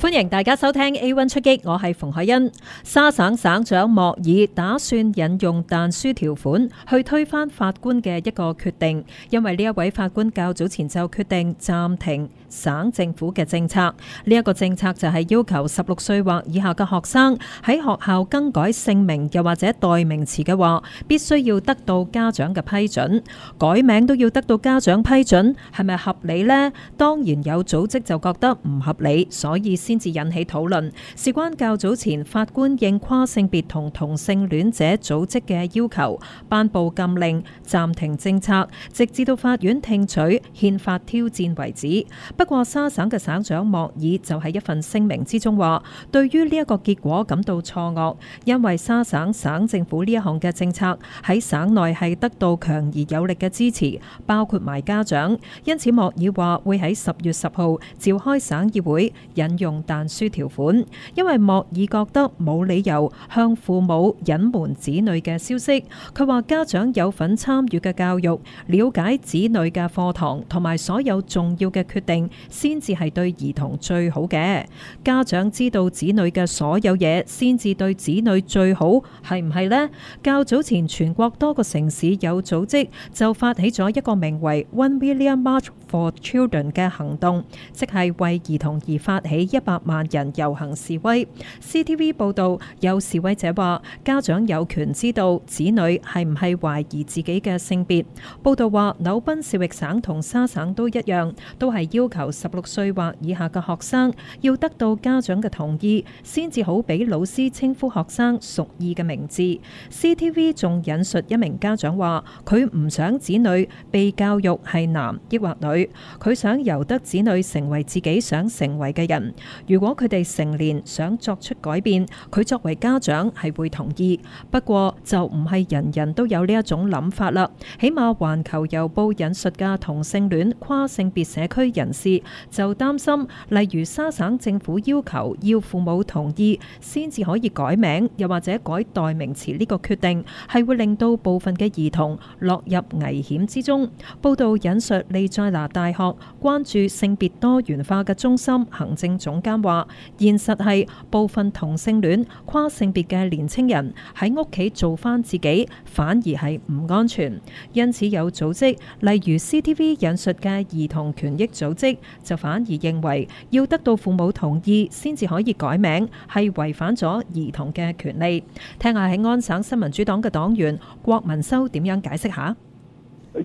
歡迎大家收聽 A One 出擊，我係馮凱欣。沙省省長莫爾打算引用但書條款去推翻法官嘅一個決定，因為呢一位法官較早前就決定暫停省政府嘅政策。呢一個政策就係要求十六歲或以下嘅學生喺學校更改姓名又或者代名詞嘅話，必須要得到家長嘅批准。改名都要得到家長批准，係咪合理咧？當然有組織就覺得唔合理，所以。先至引起討論，事關較早前法官應跨性別同同性戀者組織嘅要求，頒布禁令暫停政策，直至到法院聽取憲法挑戰為止。不過沙省嘅省長莫爾就喺一份聲明之中話，對於呢一個結果感到錯愕，因為沙省省政府呢一項嘅政策喺省內係得到強而有力嘅支持，包括埋家長。因此莫爾話會喺十月十號召開省議會引用但書條款，因為莫爾覺得冇理由向父母隱瞞子女嘅消息。佢話：家長有份參與嘅教育，了解子女嘅課堂同埋所有重要嘅決定，先至係對兒童最好嘅。家長知道子女嘅所有嘢，先至對子女最好，係唔係呢？較早前，全國多個城市有組織就發起咗一個名為 One Million March for Children 嘅行動，即係為兒童而發起一百。百萬人遊行示威。C T V 報道有示威者話：家長有權知道子女係唔係懷疑自己嘅性別。報道話紐賓士域省同沙省都一樣，都係要求十六歲或以下嘅學生要得到家長嘅同意，先至好俾老師稱呼學生屬意嘅名字。C T V 仲引述一名家長話：佢唔想子女被教育係男抑或女，佢想由得子女成為自己想成為嘅人。如果佢哋成年想作出改變，佢作為家長係會同意。不過就唔係人人都有呢一種諗法啦。起碼環球郵報引述嘅同性戀跨性別社區人士就擔心，例如沙省政府要求要父母同意先至可以改名，又或者改代名詞呢個決定係會令到部分嘅兒童落入危險之中。報道引述利在拿大學關注性別多元化嘅中心行政總監。話現實係部分同性戀、跨性別嘅年青人喺屋企做翻自己，反而係唔安全。因此有組織，例如 CTV 引述嘅兒童權益組織，就反而認為要得到父母同意先至可以改名，係違反咗兒童嘅權利。聽下喺安省新民主黨嘅黨員郭旼修點樣解釋下？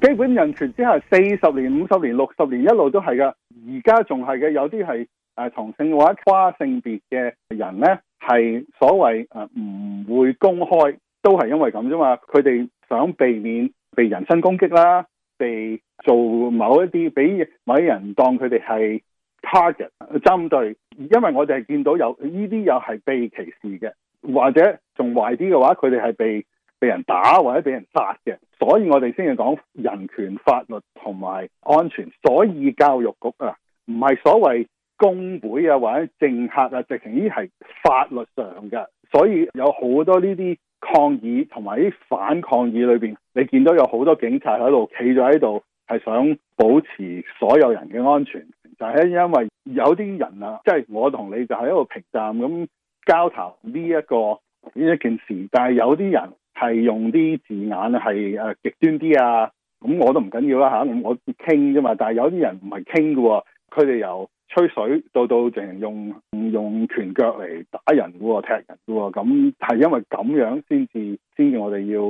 基本人權之下，四十年、五十年、六十年一路都係噶，而家仲係嘅，有啲係。誒，同性嘅話，跨性別嘅人咧，係所謂誒唔會公開，都係因為咁啫嘛。佢哋想避免被人身攻擊啦，被做某一啲俾某些人當佢哋係 target，針對。因為我哋係見到有呢啲又係被歧視嘅，或者仲壞啲嘅話，佢哋係被被人打或者俾人殺嘅。所以我哋先至講人權法律同埋安全。所以教育局啊，唔係所謂。工會啊，或者政客啊，直情呢啲係法律上嘅，所以有好多呢啲抗議同埋啲反抗議裏面，你見到有好多警察喺度企咗喺度，係想保持所有人嘅安全。就係因為有啲人啊，即係我同你就喺度平淡咁交談呢一個呢一件事，但係有啲人係用啲字眼係誒極端啲啊，咁我都唔緊要啦吓，咁我傾啫嘛。但係有啲人唔係傾㗎喎，佢哋又～吹水到到，仲用用用拳腳嚟打人嘅踢人嘅喎，咁係因為咁樣先至先至，我哋要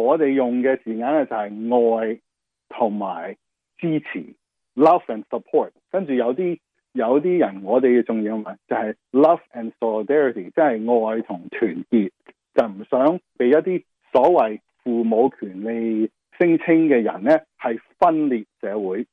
我哋用嘅時間咧就係愛同埋支持，love and support。跟住有啲有啲人，我哋嘅重要問題就係、是、love and solidarity，即係愛同團結，就唔想俾一啲所謂父母權利聲稱嘅人咧，係分裂社會。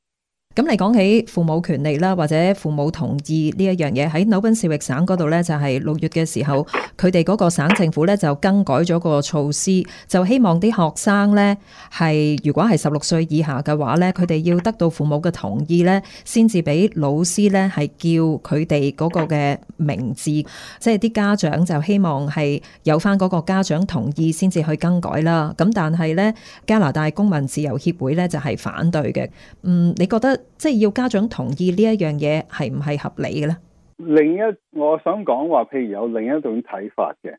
咁你講起父母權利啦，或者父母同意呢一樣嘢，喺紐賓士域省嗰度呢，就係六月嘅時候，佢哋嗰個省政府呢，就更改咗個措施，就希望啲學生呢，係如果係十六歲以下嘅話呢，佢哋要得到父母嘅同意呢，先至俾老師呢，係叫佢哋嗰個嘅名字，即係啲家長就希望係有翻嗰個家長同意先至去更改啦。咁但係呢，加拿大公民自由協會呢，就係反對嘅。嗯，你覺得？即係要家長同意呢一樣嘢，係唔係合理嘅咧？另一，我想講話，譬如有另一種睇法嘅，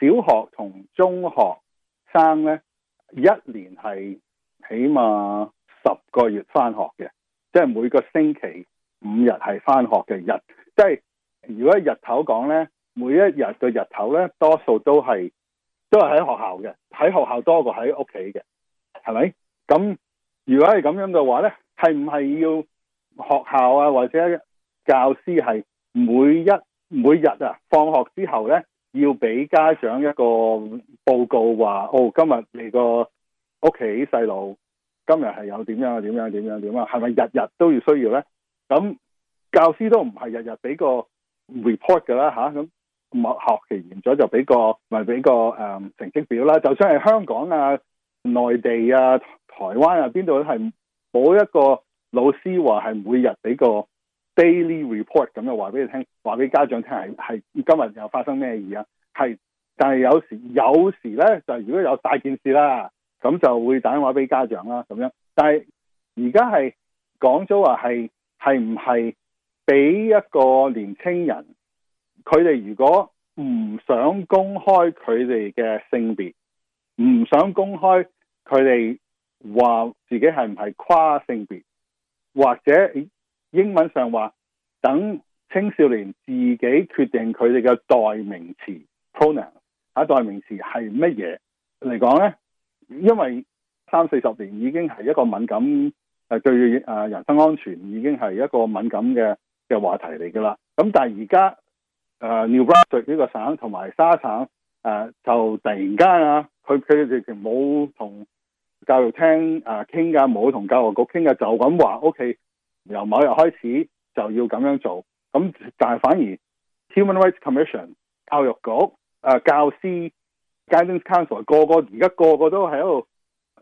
小學同中學生咧，一年係起碼十個月翻學嘅，即係每個星期五日係翻學嘅日。即係如果日頭講咧，每一日嘅日頭咧，多數都係都係喺學校嘅，喺學校多過喺屋企嘅，係咪？咁如果係咁樣嘅話咧？係唔係要學校啊或者教師係每一每日啊放學之後咧，要俾家長一個報告話，哦，今日你個屋企細路今日係有點樣點樣點樣點樣，係咪日日都要需要咧？咁教師都唔係日日俾個 report 噶啦吓咁，啊、學學期完咗就俾個咪俾個誒成績表啦。就算係香港啊、內地啊、台灣啊邊度都係。嗰一個老師話係每日俾個 daily report 咁就話俾你聽，話俾家長聽係係今日又發生咩事啊？係，但係有時有時咧就如果有大件事啦，咁就會打電話俾家長啦、啊、咁樣。但係而家係講咗話係係唔係俾一個年青人，佢哋如果唔想公開佢哋嘅性別，唔想公開佢哋。話自己係唔係跨性別，或者英文上話等青少年自己決定佢哋嘅代名詞 （pronoun），啊代名詞係乜嘢嚟講咧？因為三四十年已經係一個敏感，誒對誒人身安全已經係一個敏感嘅嘅話題嚟㗎啦。咁但係而家誒 New Brunswick 呢個省同埋沙省誒就突然間啊，佢佢完全冇同教育廳啊傾嘅冇同教育局傾嘅就咁話，OK，由某日開始就要咁樣做。咁但係反而 Human Rights Commission、教育局、啊、教師 Guidance Council 個個而家個個都喺度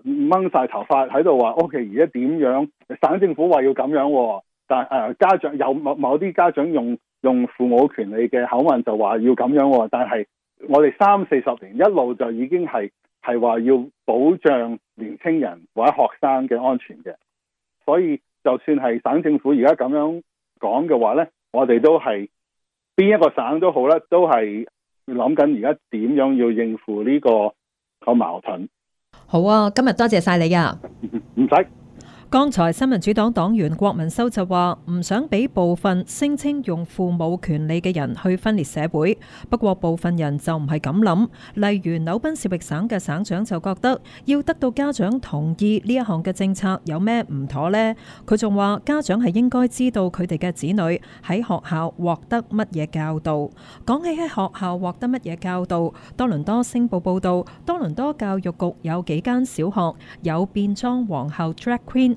掹晒頭髮喺度話，OK，而家點樣？省政府話要咁樣、哦，但誒、啊、家長有某某啲家長用用父母權利嘅口吻就話要咁樣、哦，但係我哋三四十年一路就已經係。係話要保障年青人或者學生嘅安全嘅，所以就算係省政府而家咁樣講嘅話呢，我哋都係邊一個省都好啦，都係諗緊而家點樣要應付呢個個矛盾。好啊，今日多謝晒你啊，唔使。剛才新民主黨黨員郭旼修就話唔想俾部分聲稱用父母權利嘅人去分裂社會。不過部分人就唔係咁諗，例如紐賓士域省嘅省長就覺得要得到家長同意呢一項嘅政策有咩唔妥呢？佢仲話家長係應該知道佢哋嘅子女喺學校獲得乜嘢教導。講起喺學校獲得乜嘢教導，多倫多星報報導多倫多教育局有幾間小學有變裝皇后 drag queen。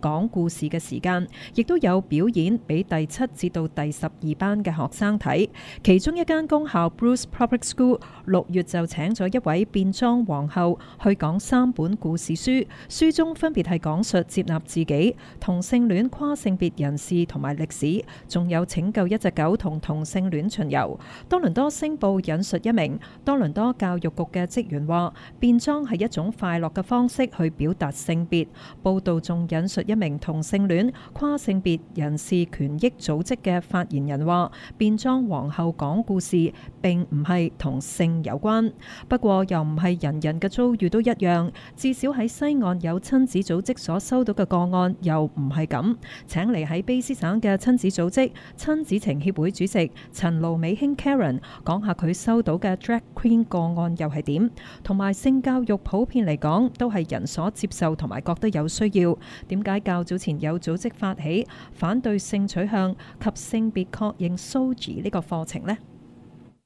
講故事嘅時間亦都有表演俾第七至到第十二班嘅學生睇。其中一間公校 Bruce Public School 六月就請咗一位變裝皇后去講三本故事書，書中分別係講述接納自己、同性戀跨性別人士同埋歷史，仲有拯救一隻狗同同性戀巡遊。多倫多星報引述一名多倫多教育局嘅職員話，變裝係一種快樂嘅方式去表達性別。報道仲引述一名同性戀跨性別人士權益組織嘅發言人話：變裝皇后講故事，並唔係同性有關。不過又唔係人人嘅遭遇都一樣。至少喺西岸有親子組織所收到嘅個案又唔係咁。請嚟，喺卑斯省嘅親子組織親子情協會主席陳盧美馨 Karen 講下佢收到嘅 Drag Queen 個案又係點。同埋性教育普遍嚟講，都係人所接受同埋覺得有需要。點解？在較早前有組織發起反對性取向及性別確認 SOGI 呢個課程。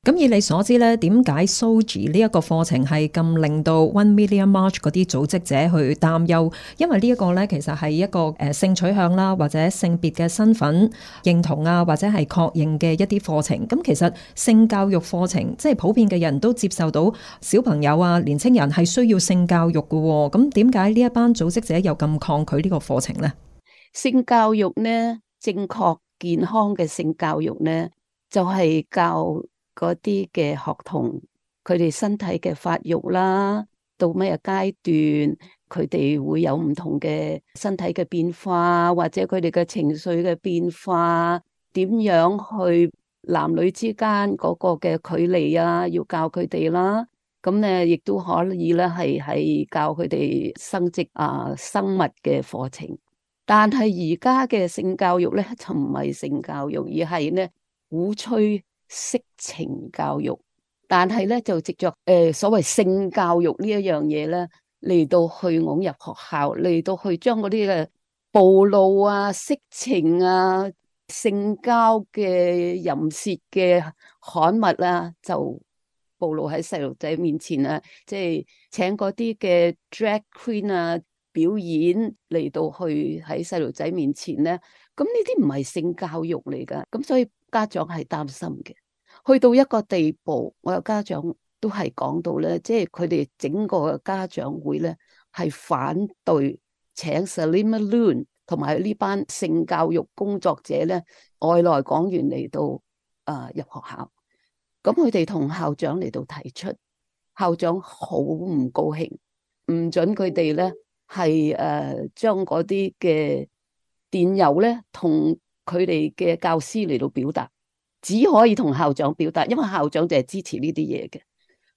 咁以你所知咧，點解 SOGI 呢一個課程係咁令到 One Million March 嗰啲組織者去擔憂？因為呢一個咧，其實係一個誒性取向啦，或者性別嘅身份認同啊，或者係確認嘅一啲課程。咁其實性教育課程，即係普遍嘅人都接受到，小朋友啊，年青人係需要性教育㗎。咁點解呢一班組織者又咁抗拒呢個課程咧？性教育咧，正確健康嘅性教育咧，就係教。嗰啲嘅學童，佢哋身體嘅發育啦，到咩嘢階段，佢哋會有唔同嘅身體嘅變化，或者佢哋嘅情緒嘅變化，點樣去男女之間嗰個嘅距離啊，要教佢哋啦。咁咧，亦都可以咧，係係教佢哋生殖啊、生物嘅課程。但係而家嘅性教育咧，就唔係性教育，而係咧鼓吹。色情教育，但係咧就藉着誒、呃、所謂性教育這一呢一樣嘢咧嚟到去引入學校，嚟到去將嗰啲嘅暴露啊、色情啊、性交嘅淫褻嘅刊物啊，就暴露喺細路仔面前啊，即、就、係、是、請嗰啲嘅 drag queen 啊表演嚟到去喺細路仔面前咧，咁呢啲唔係性教育嚟噶，咁所以。家長係擔心嘅，去到一個地步，我有家長都係講到咧，即係佢哋整個家長會咧，係反對請 Salim Alun 同埋呢班性教育工作者咧，外來講員嚟到啊、呃、入學校。咁佢哋同校長嚟到提出，校長好唔高興，唔准佢哋咧係誒將嗰啲嘅電郵咧同。佢哋嘅教師嚟到表達，只可以同校長表達，因為校長就係支持呢啲嘢嘅。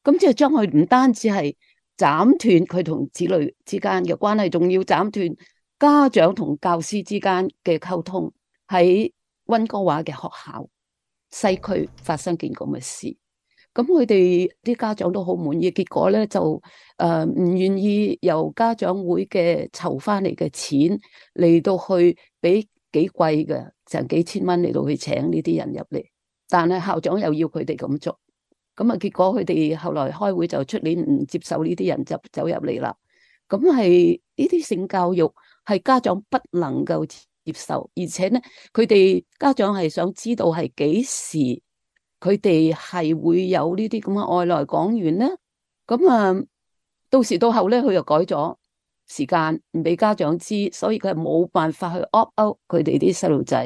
咁即係將佢唔單止係斬斷佢同子女之間嘅關係，仲要斬斷家長同教師之間嘅溝通。喺溫哥華嘅學校西區發生件咁嘅事，咁佢哋啲家長都好滿意，結果咧就誒、呃、唔願意由家長會嘅籌翻嚟嘅錢嚟到去俾。幾貴噶，成幾千蚊嚟到去請呢啲人入嚟，但係校長又要佢哋咁做，咁啊結果佢哋後來開會就出年唔接受呢啲人就走入嚟啦。咁係呢啲性教育係家長不能夠接受，而且呢佢哋家長係想知道係幾時佢哋係會有呢啲咁嘅外來講員呢？咁啊到時到後咧佢又改咗。時間唔俾家長知，所以佢係冇辦法去 opt out 佢哋啲細路仔，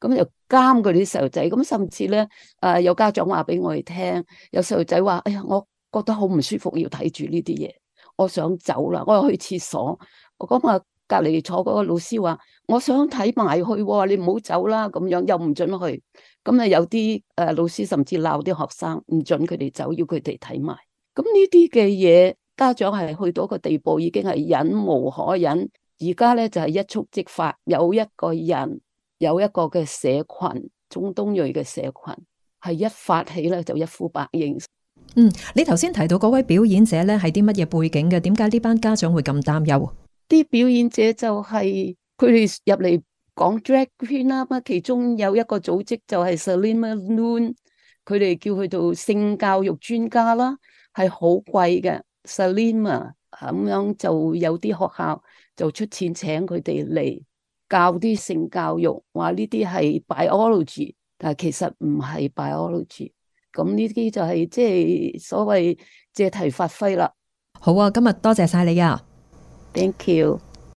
咁又監佢啲細路仔，咁甚至咧，啊有家長話俾我哋聽，有細路仔話，哎呀，我覺得好唔舒服，要睇住呢啲嘢，我想走啦，我要去廁所。我講話隔離坐嗰個老師話，我想睇埋去，你唔好走啦，咁樣又唔准去。咁咧有啲誒老師甚至鬧啲學生，唔准佢哋走，要佢哋睇埋。咁呢啲嘅嘢。家長係去到一個地步，已經係忍無可忍。而家咧就係、是、一觸即發，有一個人，有一個嘅社群，中東裔嘅社群，係一發起咧就一呼百應。嗯，你頭先提到嗰位表演者咧，係啲乜嘢背景嘅？點解呢班家長會咁擔憂？啲表演者就係佢哋入嚟講 drag queen 啦，咁其中有一個組織就係 Salim Alnoon，佢哋叫佢做性教育專家啦，係好貴嘅。s l 十年啊，咁樣就有啲學校就出錢請佢哋嚟教啲性教育，話呢啲係 biology，但係其實唔係 biology，咁呢啲就係即係所謂借題發揮啦。好啊，今日多謝晒你啊。Thank you。